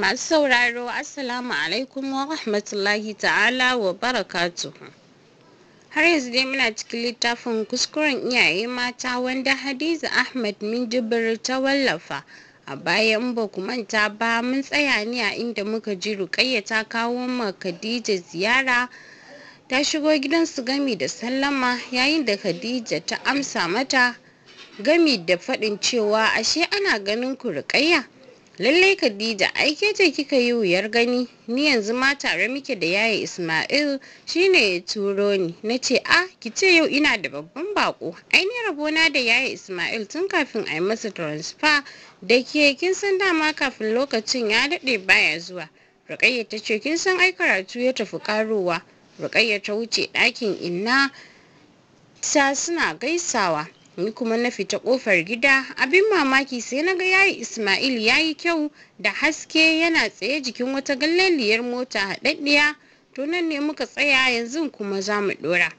Masu sauraro Assalamu alaikum wa rahmatullahi ta'ala wa barakatu. Har yanzu dai muna cikin littafin kuskuren iyaye mata wanda Hadiza Ahmad Minjibir ta wallafa. A bayan ba ku manta ba mun tsaya ne a inda muka ji Rukayya ta kawo ma Khadija ziyara ta shigo gidan su gami da sallama yayin da Khadija ta amsa mata gami da faɗin cewa ashe ana ganin ku Rukayya. lallai khadija aike ce kika yi wuyar gani ni yanzu ma tare muke da yaye ismail shine ya turo ni na ce a ki ce yau ina da babban bako ai rabona da yaye ismail tun kafin a yi masa transfer da ke kin san dama kafin lokacin ya daɗe baya zuwa rukayya ta ce kin san ai karatu ya tafi karowa rukayya ta wuce ɗakin inna ta suna gaisawa in kuma na fita kofar gida abin mamaki sai na ga yayi ismail yayi kyau da haske yana tsaye jikin wata galleliyar mota haɗaɗɗiya to nan ne muka tsaya yanzu kuma za mu ɗora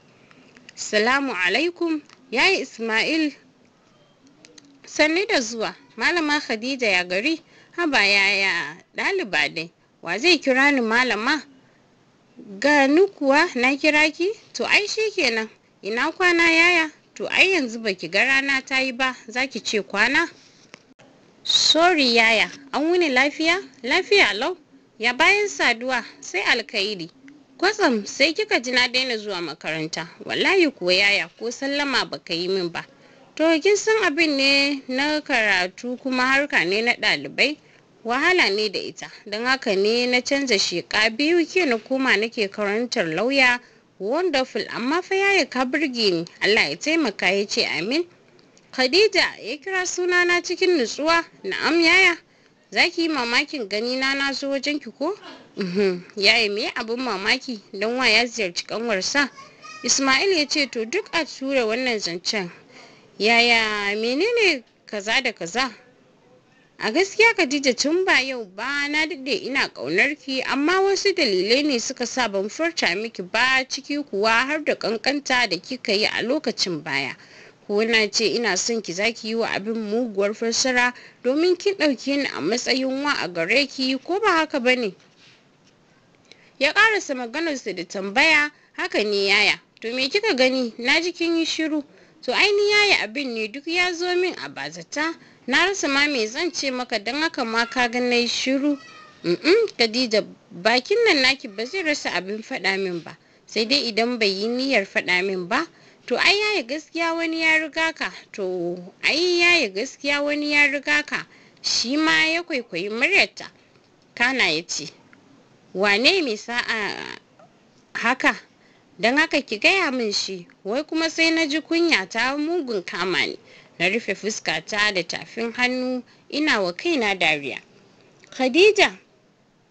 salamu alaikum yayi ismail sanni da zuwa malama khadija ya gari haba yaya ɗaliba dai wa zai kira ni malama gani kuwa na kira ki to ai kenan ina kwana yaya to ai yanzu baki ga rana ta yi ba za ki ce kwana sorry yaya an wuni lafiya lafiya lau ya bayan saduwa sai alkairi kwatsam sai kika ji na daina zuwa makaranta wallahi kuwa yaya ko sallama baka yi min ba to kin san abin ne na karatu kuma harka ne na ɗalibai wahala ne da ita don haka ne na canza sheka biyu ke na koma nake karantar lauya wonderful amma fa yaya ka burge ni Allah ya taimaka ya ce amin Khadija ya kira sunana cikin nutsuwa na'am yaya za ki yi mamakin gani na na zo wajen ki ko mhm. yaya me abin mamaki don wa ya ziyarci kanwarsa Ismail ya ce to duk a tura wannan zancen yaya menene kaza da kaza a gaskiya Khadija tun ba yau ba na daɗe ina ƙaunar ki amma wasu dalilai ne suka sa ban furta miki ba ciki kuwa har da ƙanƙanta da kika yi a lokacin baya ko na ce ina son ki za ki yi wa abin muguwar fassara domin kin ɗauke ni a matsayin wa a gare ki ko ba haka ba ne ya ƙarasa maganarsa da tambaya haka ne yaya to me kika gani na ji kin yi shiru to ainihin yaya abin ne duk ya zo min a bazata na rasa ma me zan ce maka don haka ma ka ga na yi shiru mm Khadija bakin nan naki ba zai rasa abin faɗa min ba sai dai idan bai yi niyyar faɗa min ba to ai yaya gaskiya wani ya riga ka to ai yaya gaskiya wani ya riga ka shi ma ya kwaikwayi muryarta kana ya ce wane mai sa'a haka don haka ki gaya min shi wai kuma sai na ji kunya ta mugun kama ne na rufe fuskata da tafin hannu ina wa kaina dariya khadija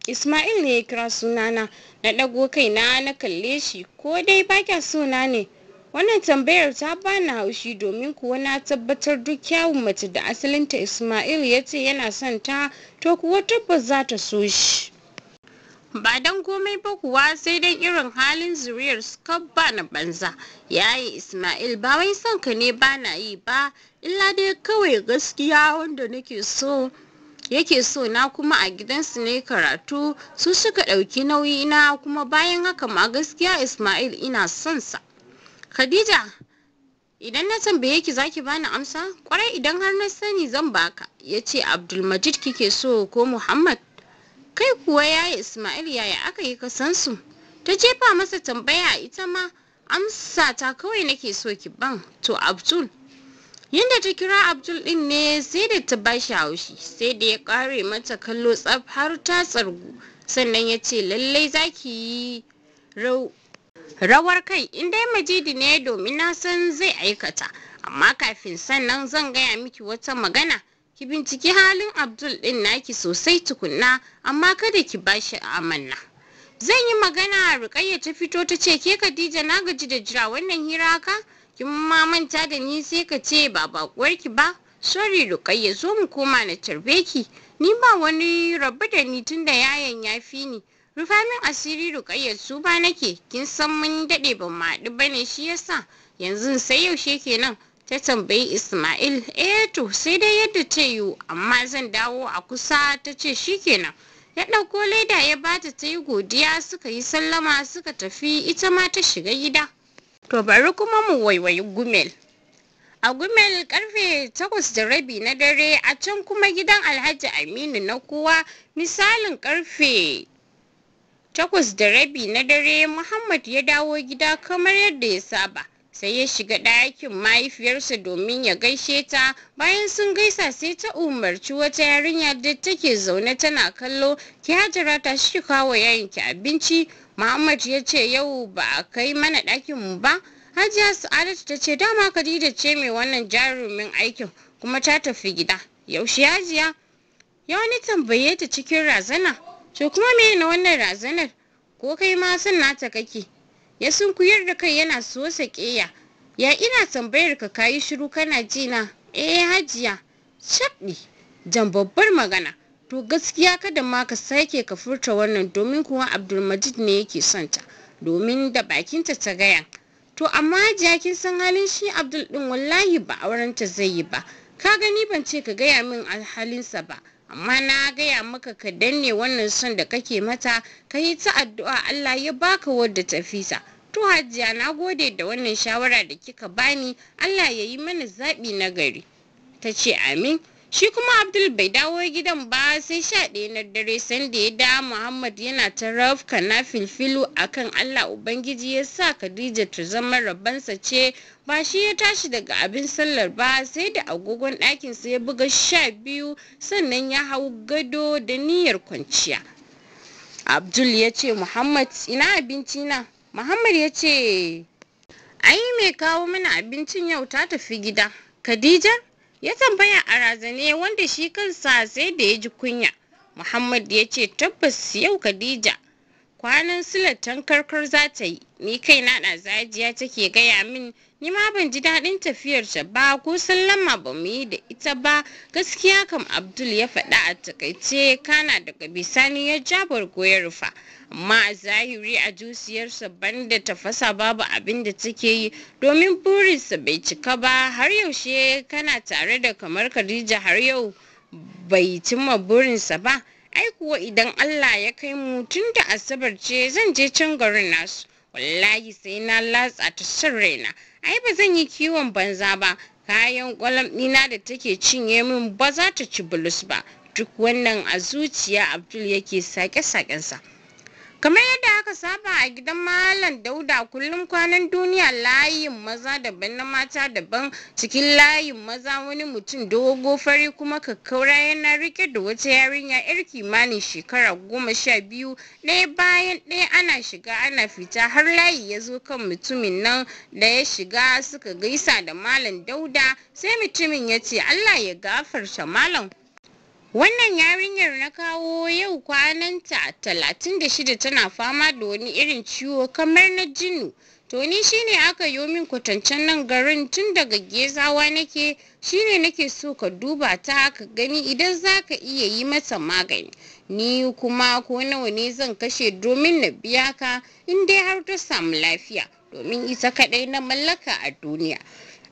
ismail ne ya kira sunana na ɗago kaina na kalle shi ko dai bakya suna ne wannan tambayar ta bani haushi domin kuwa na tabbatar duk kyawun mace da asalinta ismail ya ce yana son ta to kuwa tabbas za ta so shi ba don komai ba kuwa sai don irin halin zuriyar scott ba na banza yayi ismail ba wai son ka ne ba na yi ba illa dai kawai gaskiya wanda nake so yake so na kuma a gidansu ne karatu su suka ɗauki nauyi na kuma bayan haka ma gaskiya Ismail ina son sa Khadija idan na tambaye ki zaki bani amsa kwarai idan har na sani zan baka yace Abdulmajid kike so ko Muhammad kai kuwa yaya Ismail yaya aka yi kasan su ta jefa masa tambaya ita ma amsa ta kawai nake so ki ban to Abdul yadda ta kira abdul din ne sai da ta bashi haushi sai da ya kare mata kallo tsaf har ta tsargu sannan ya ce lallai za ki yi rawar kai in dai majidi ne domin na san zai aikata amma kafin sannan zan gaya miki wata magana ki binciki halin abdul din naki sosai tukunna amma kada ki bashi amanna zan yi magana rukayya ta fito ta ce ke khadija na gaji da jira wannan hira ka kin ma manta da ni sai ka ce ba bakuwarki ba sorry rukayya zo mu koma na tarbe ki ni ba wani rabu da ni tun da yayan ya fi ni Rufamin asiri rukayya su ba nake kin san mun daɗe ban haɗu ba ne shi yasa yanzu sai yaushe kenan ta tambayi ismail eh to sai dai yadda ta yiwu amma zan dawo a kusa ta ce shi kenan. ya ɗauko leda ya bata ta yi godiya suka yi sallama suka tafi ita ma ta shiga gida To bari kuma mu waiwayi Gumel. A Gumel karfe takwas da rabi na dare a can kuma gidan Alhaji Aminu na kowa misalin karfe takwas da rabi na dare Muhammad ya dawo gida kamar yadda ya saba. sai ya shiga ɗakin mahaifiyarsa domin ya gaishe ta bayan sun gaisa sai ta umarci wata yarinya da take zaune tana kallo ki hajara ta shi kawo yayin ki abinci Muhammad ya ce yau ba a kai mana ɗakin mu ba. Hajiya Sa'adatu ta ce dama Khadija ce mai wannan jarumin aikin kuma ta tafi gida. Yaushe Hajiya? Ya wani tambaye ta cikin razana. To kuma me na wannan razanar? Ko kai ma san nata kake? Ya sunkuyar da kai yana so saƙeya. Ya ina tambayar ka kayi shiru kana jina? Eh Hajiya. Shaɗi. Jan babbar magana. to gaskiya kada ma ka sake ka furta wannan domin kuwa abdulmajid ne yake son ta domin da bakinta ta gaya to amma hajiya kin san halin shi abdul din wallahi ba aurenta zai yi ba ka gani ban ce ka gaya min alhalinsa ba amma na gaya maka ka danne wannan son da kake mata ka yi ta addu'a Allah ya baka wadda ta fisa to hajiya na gode da wannan shawara da kika bani Allah ya yi mana zaɓi na gari ta ce amin shi kuma abdul bai dawo gidan ba sai sha ɗaya na dare sanda ya da muhammad yana ta rafka na filfilu akan allah ubangiji ya sa khadija ta zama rabansa ce ba shi ya tashi daga abin sallar ba sai da agogon ɗakinsa ya buga sha biyu sannan ya hau gado da niyyar kwanciya abdul ya ce muhammad ina abinci na muhammad ya ce ai mai kawo mana abincin yau ta tafi gida khadija ya tambaya a razane wanda shi kansa sai da ya ji kunya muhammad ya ce tabbas yau khadija kwanan silar tankarkar za ta yi ni kai na ɗazajiya take gaya min ni ma ban ji daɗin tafiyar ba ko sallama ba mu yi da ita ba gaskiya kam abdul ya faɗa a takaice kana daga bisani ya jabar bargo rufa amma a zahiri a zuciyarsa banda tafasa babu abin da take yi domin burinsa bai cika ba har yaushe kana tare da kamar khadija har yau bai cimma burinsa ba ai kuwa idan Allah ya kai mu tun da asabar ce zan je can garin nasu wallahi sai na latsa ta son raina ai ba zan yi kiwon banza ba kayan kwalam ɗina da take cinye min ba za ta ci bulus ba duk wannan a zuciya abdul yake sake-sakensa Kamar yadda aka saba a gidan Malam Dauda kullum kwanan duniya layin maza daban na mata daban cikin layin maza wani mutum dogo fari kuma kakkaura yana rike da wata yarinya yar kimanin shekara goma sha biyu daya bayan ɗaya ana shiga ana fita har layi ya zo kan mutumin nan da ya shiga suka gaisa da Malam Dauda sai mutumin ya ce Allah ya gafarta Malam. Wannan yarinyar na kawo yau kwananta talatin da shida tana fama da wani irin ciwo kamar na jinu. To ni shi ne aka yo min kwatancen nan garin tun daga gezawa nake shi ne nake so ka duba ta ka gani idan za ka iya yi mata magani. Ni kuma ko nawa ne zan kashe domin na biya ka in dai har ta samu lafiya domin ita kaɗai na mallaka a duniya.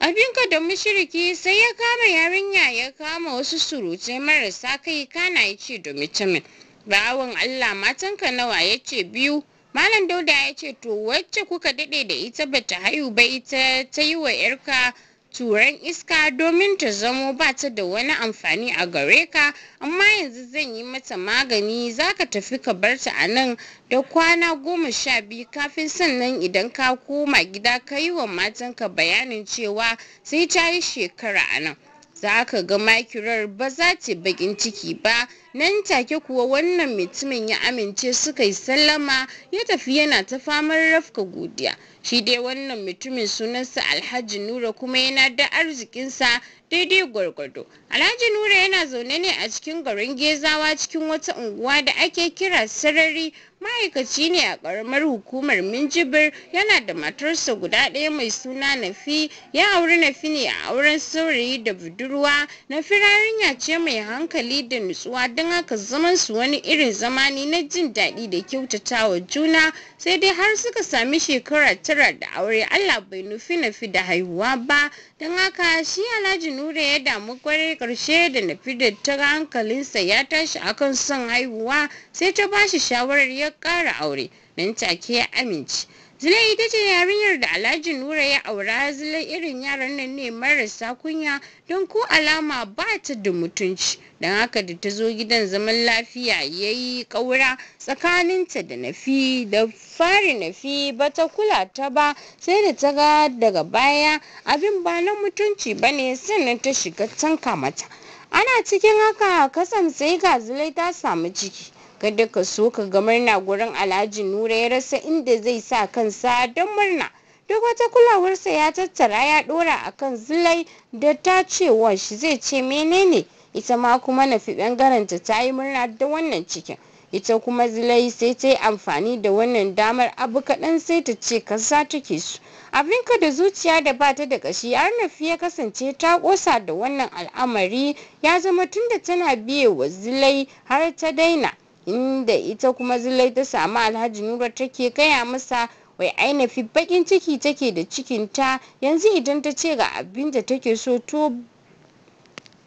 Abinka da mushiriki sai ya kama yarinya ya kama wasu surutai marasa kai kana ya ce da mutumin. Bawon Allah matanka nawa ya ce biyu. Malam Dauda ya ce to wacce kuka dade da ita bata haihu ba ita ta yi wa 'yarka turan iska domin ta zamo ba ta da wani amfani a gare ka amma yanzu zan yi mata magani za ka tafi ka bar ta a nan da kwana goma sha biyu kafin sannan idan ka koma gida ka yi wa matanka bayanin cewa sai ta yi shekara a nan za ka ga makirar ba za ta bakin ciki ba nan take kuwa wannan mutumin ya amince suka yi sallama ya tafi yana ta famar rafka godiya shi dai wannan mutumin sunansa alhaji nura kuma yana da arzikinsa daidai gwargwado alhaji nura yana zaune ne a cikin garin gezawa cikin wata unguwa da ake kira sarari ma'aikaci ne a karamar hukumar minjibir yana da matarsa guda ɗaya mai suna nafi ya auri nafi ne a auren saurayi da budurwa nafi rarinya ce mai hankali da nutsuwa don haka zaman su wani irin zamani na jin daɗi da kyautatawa juna sai dai har suka sami shekara tara da aure Allah bai nufi nafi da haihuwa ba don haka shi Alhaji Nura ya damu kwarai karshe da nafi da ta hankalinsa ya tashi akan son haihuwa sai ta bashi shawarar ya ƙara aure nan take ya amince Zulai ita ce yarinyar da Alhaji Nura ya aura Zulai irin yaran nan ne marasa kunya don ko alama ba ta da mutunci. Don haka da ta zo gidan zaman lafiya ya yi ƙaura tsakaninta da nafi da fari nafi ba ta kula ta ba sai da ta ga daga baya abin ba na mutunci ba ne sannan ta shiga tanka mata. Ana cikin haka kasan sai ga Zulai ta samu ciki. kada ka so ka ga murna gurin alhaji nura ya rasa inda zai sa kansa don murna duk wata kulawarsa ya tattara ya dora kan zulai da ta cewa shi zai ce menene ita ma kuma nafi bangaranta ta yi murna da wannan cikin ita kuma zulai sai ta yi amfani da wannan damar abu kaɗan sai ta ce kasa take su abinka da zuciya da ba ta da ƙashi har nafi ya kasance ta ƙosa da wannan al'amari ya zama tunda tana biye wa zulai har ta daina inda ita kuma zulai ta samu alhaji nura take gaya masa wai fi bakin ciki take da cikin ta yanzu idan ta ce ga abin da take so to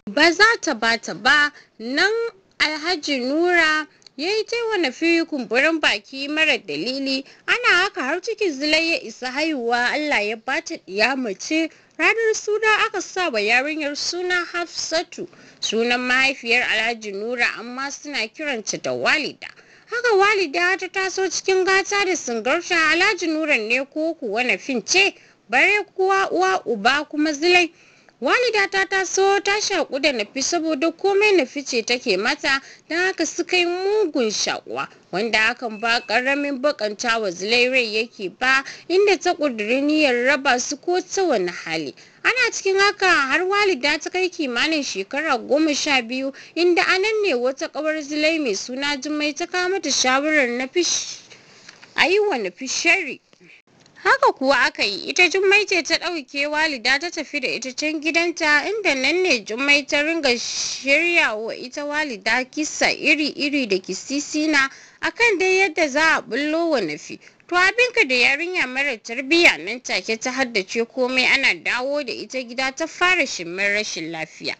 ba za ta bata ba nan alhaji nura ya yi ta wani fiye kumburin baki mara dalili ana haka har cikin zulai ya isa haihuwa allah ya bata ɗiya mace ranar suna aka sa wa yarinyar suna hafsatu Sunan mahaifiyar Alhaji Nura amma suna kiranta da walida. Haka walida ta taso cikin gata da singarta Alhaji nura ne ko kuwa na fince bare kuwa uwa uba kuma zilai. walidata ta so ta shaƙu da nafi saboda komai nafi ce take mata don haka suka yi mugun shaƙuwa wanda hakan ba ƙaramin bakanta wa zulairai yake ba inda ta ƙudiri niyyar raba su ko ta wani hali ana cikin haka har walida ta kai kimanin shekara goma sha biyu inda anan ne wata ƙawar zulai mai suna jummai ta kama mata shawarar na fish a yi wa shari haka kuwa aka yi ita jummai ce ta ɗauke walida ta tafi da ita can gidanta inda nan ne jummai ta ringa shirya wa ita walida kisa iri-iri da kisisina akan dai yadda za a bullo wa nafi to abinka da yarinya mara tarbiyya nan take ta haddace komai ana dawo da ita gida ta fara shimmin rashin lafiya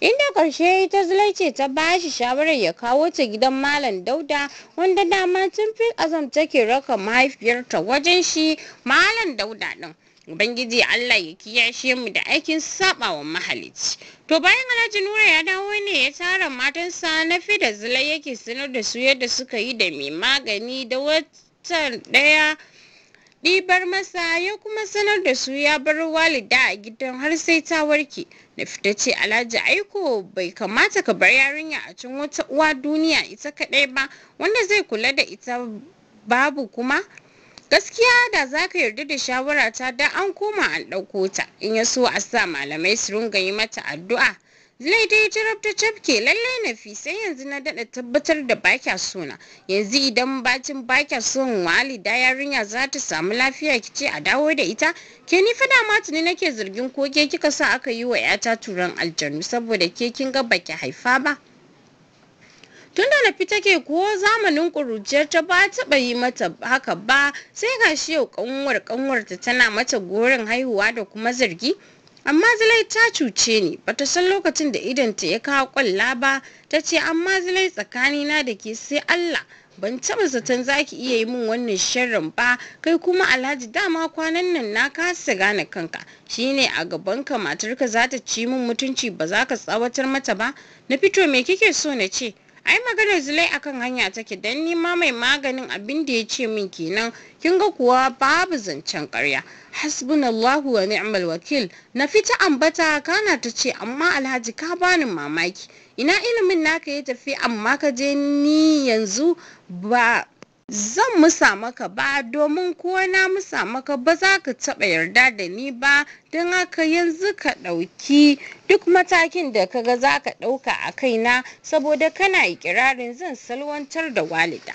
inda karshe ita zulaice ta ba shi shawarar ya kawo ta gidan malam dauda wanda dama tun fi azam take raka mahaifiyarta wajen shi malam dauda ɗin ubangiji allah ya kiyashe mu da aikin saɓawa mahalicci. To bayan Alhaji Nura ya dawo ne ya tara matansa na fi da zulai yake sanar da su yadda suka yi da mai magani da wata. tan ɗaya ɗibar masa ya kuma sanar da su ya bar walida a gidan har sai ta warke na fita ce alhaji aiko bai kamata ka bar yarinya a cikin wata uwa duniya ita kaɗai ba wanda zai kula da ita babu kuma gaskiya da za ka yarda da shawara ta da an koma an ɗauko ta in ya so a sa malamai su ringa yi mata addu'a Laidai jarab ta cafke lallai na fi sai yanzu na daɗa tabbatar da bakya sona. Yanzu idan bacin bakya son walida yarinya za ta samu lafiya ki ce a dawo da ita. Ke ni fada ma tuni nake zargin koke kika sa aka yi wa 'yata turan aljanu saboda ke kin ga baki haifa ba. tun da nafi take ko zamanin ƙuruciyar ta ba taɓa yi mata haka ba sai shi yau ƙanwar ƙanwarta tana mata gorin haihuwa da kuma zargi amma zilai ta cuce ni bata san lokacin da idanta ya kawo kwalla ba ta ce amma zilai tsakanina da ke sai allah ban taba zaton zaki iya yi min wannan sharrin ba kai kuma alhaji dama kwanan nan na kasa gane kanka shine a gaban ka matarka za ta ci min mutunci ba za ka tsawatar mata ba na fito me kike so na ce ai maganar zulai akan hanya take dan nima mai maganin abin da ya ce min kenan kin ga kuwa babu zancen ƙarya hasbunallahu wa ni'mal wakil na fita ambata kana ta ce amma alhaji ka bani mamaki ina ilimin naka ya tafi amma ka je ni yanzu ba zan musa maka ba domin ko na musa maka ba za ka taɓa yarda da ni ba don haka yanzu ka ɗauki duk matakin da ka ga za ka ɗauka a kaina saboda kana ikirarin zan salwantar da walida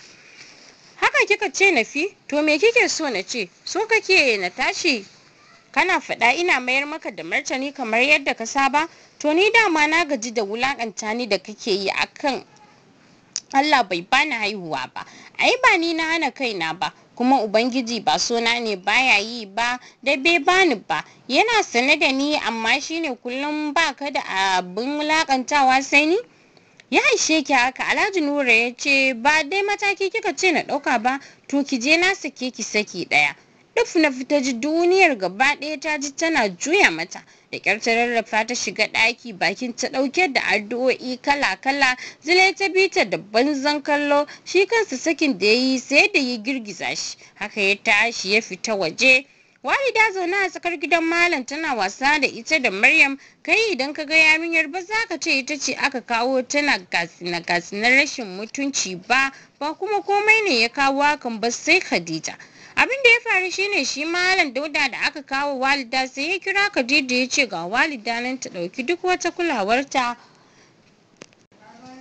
haka kika ce na fi to me kike so na ce so kake na tashi kana faɗa ina mayar maka da martani kamar yadda ka saba to ni dama na gaji da wulakanta ni da kake yi akan Allah bai bani haihuwa ba ai ba ni na hana kaina ba kuma ubangiji ba sona ne baya yi ba da bai bani ba yana sane da ni amma shi ne kullum ba ka da abin wulakantawa sai ni ya ishe ki haka alhaji nura ya ce ba dai mataki kika ce na ɗauka ba to ki je na sake ki saki ɗaya duk na fita ji duniyar gaba ɗaya ta ji tana juya mata da kyar ta rarrafa ta shiga ɗaki bakin ta ɗauke da addu'o'i kala-kala zile ta bi ta da banzan kallo shi kansa sakin da ya yi sai da ya girgiza shi haka ya tashi ya fita waje Walida zaune a tsakar gidan Malam tana wasa da ita da Maryam kai idan ka ga yarinyar ba za ka ce ita ce aka kawo tana gasina gasinar rashin mutunci ba ba kuma komai ne ya kawo hakan ba sai Khadija. abin da ya faru shine shi malam dauda da aka kawo walida sai ya kira Kadija ya ce ga walida nan ta ɗauki duk wata kulawarta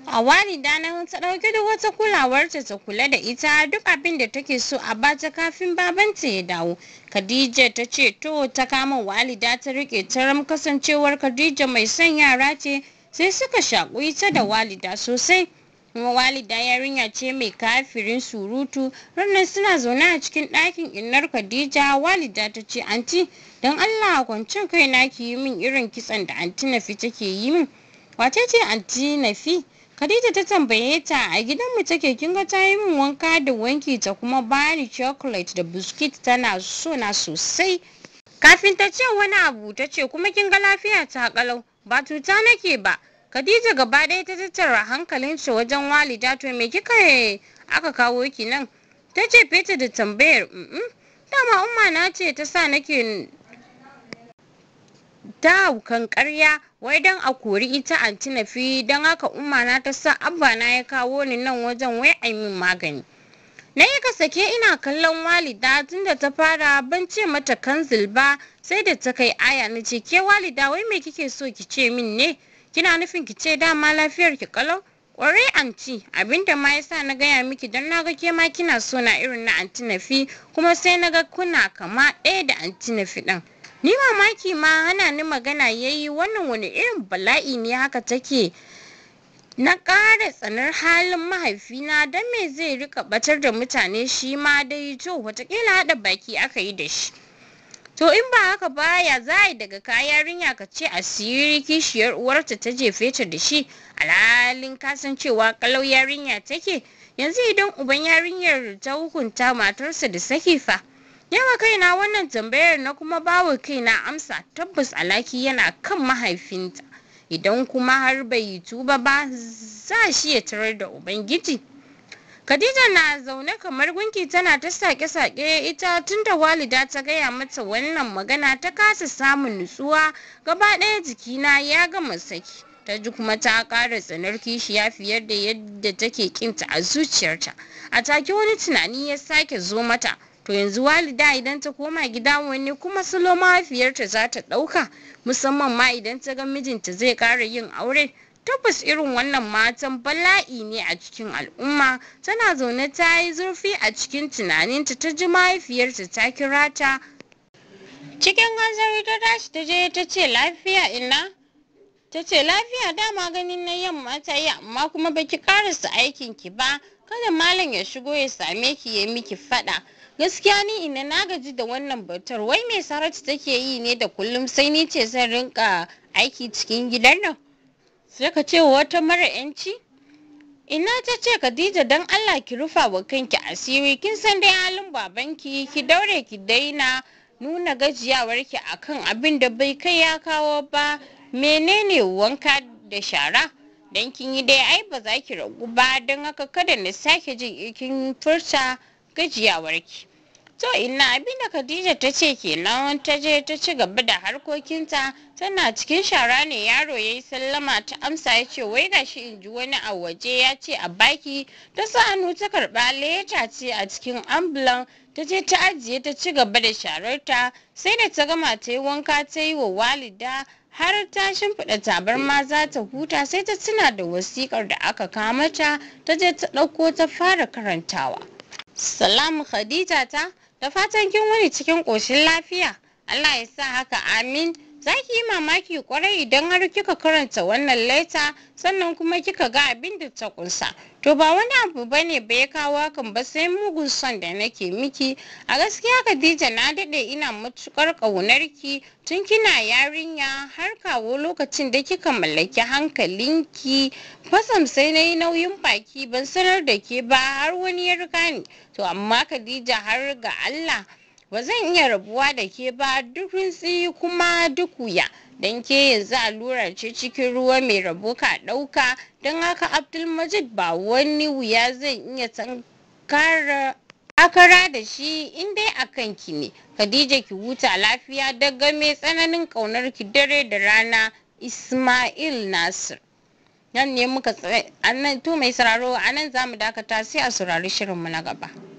a walida nan ta dauki duk wata kulawarta ta kula da ita duk abin da take so a bata kafin babanta ya dawo khadija ta ce to ta kama walida ta riƙe taram kasancewar khadija mai son yara ce sai suka shaƙu ita da walida sosai kuma walida yarinya ce mai kafirin surutu ranar suna zaune a cikin ɗakin innar khadija walida ta ce anti don allah kwancin kai na ki yi min irin kitson da anti nafi take yi min wace ce anti nafi khadija ta tambaye ta a gidanmu take kin ga ta yi min wanka da wanki ta kuma bani chocolate da biskit tana so na sosai kafin ta ce wani abu ta ce kuma kin ga lafiya ta kalau ba cuta nake ba Khadija gaba ɗaya ta tattara hankalin shi wajen walida to me kika aka kawo ki nan ta ce fita da tambayar dama umma na ce ta sa nake ta haukan karya wai don a kori ita anti nafi don haka umma na ta sa abba na ya kawo ni nan wajen wai a min magani na yi kasake ina kallon walida tunda ta fara ban ce mata kanzil ba sai da ta kai aya na ce ke walida wai me kike so ki ce min ne kina nufin ki ce dama lafiyar ki kalau kwarai anti abinda ma yasa na gaya miki don na ga ke ma kina so na irin na anti nafi kuma sai na ga kuna kama ɗaya da anti nafi ɗin ni mamaki ma hana ni magana yayi wannan wani irin bala'i ne haka take na ƙara tsanar halin mahaifina don me zai rika batar da mutane shi ma dai to watakila haɗa baki aka yi da shi to in ba haka baya za a yi daga kayan yarinya ka ce a asiri kishiyar uwarta ta jefe ta da shi alhalin kasancewa kalau yarinya take yanzu idan uban yarinyar ta hukunta matarsa da saki fa yawa kaina wannan tambayar na kuma bawa kaina amsa tabbas alaki yana kan mahaifinta idan kuma har bai yi tuba ba za shi ya tarar da ubangiji Khadija na zaune kamar gunki tana ta sake-sake ita tunda walida ta gaya mata wannan magana ta kasa samun nutsuwa gaba ɗaya jikina ya gama saki ta ji kuma ta ƙara tsanar kishiya fiye da yadda take kinta a zuciyarta a take wani tunani ya sake zo mata to yanzu walida idan ta koma gida wani kuma salo mahaifiyarta za ta ɗauka musamman ma idan ta ga mijinta zai ƙara yin aure tabbas irin wannan matan bala'i ne a cikin al'umma tana zaune ta yi zurfi a cikin tunaninta ta ji mahaifiyarta ta kira ta cikin hanzari ta tashi ta je ta ce lafiya ina ta ce lafiya dama ganin na yamma ta yi amma kuma baki karasa aikin ki ba kada malam ya shigo ya same ki ya miki fada gaskiya ni ina na gaji da wannan batar wai me saratu take yi ne da kullum sai ni ce zan rinka aiki cikin gidan nan sai ka ce wata mara yanci ina ta ce khadija don allah ki rufa wa kanki asiri kin san dai halin babanki ki daure ki daina nuna gajiyawarki akan abin da bai kai ya kawo ba menene wanka da shara don kin yi dai ai ba za ki ragu ba don haka kada na sake jin ikin furta gajiyawarki To inna abinda Khadija ta ce kenan ta je ta ci gaba da harkokinta tana cikin shara ne yaro ya yi sallama ta amsa ya ce wai gashi in ji wani a waje ya ce a baki ta sa hannu ta karɓa leta ce a cikin ambulan ta je ta ajiye ta ci gaba da shararta sai da ta gama ta yi wanka ta yi wa walida har ta shimfiɗa tabarma za ta huta sai ta tuna da wasikar da aka kamata ta je ta ɗauko ta fara karantawa. Salam Khadija ta da fatan kin wani cikin ƙoshin lafiya Allah ya sa haka amin Za ki yi mamaki kwarai idan har kika karanta wannan laita sannan kuma kika ga abin da ta kunsa. To ba wani abu ba ne bai kawo hakan ba sai mugun son da nake miki. A gaskiya Khadija na daɗe ina matuƙar ƙaunarki tun kina yarinya har kawo lokacin da kika mallaki hankalinki. Fasam sai na yi nauyin baki ban sanar da ke ba har wani ya riga ni. To amma Khadija har ga Allah ba zan iya rabuwa da ke ba duk rintsi kuma duk wuya don ke yanzu lura ce cikin ruwa mai rabo ka ɗauka don haka abdulmajid ba wani wuya zan iya tankara da shi in dai a kanki ne khadija ki huta lafiya daga mai tsananin ƙaunar ki dare da rana ismail nasir nan ne muka tsaye to mai sauraro a nan za mu dakata sai a saurari shirinmu na gaba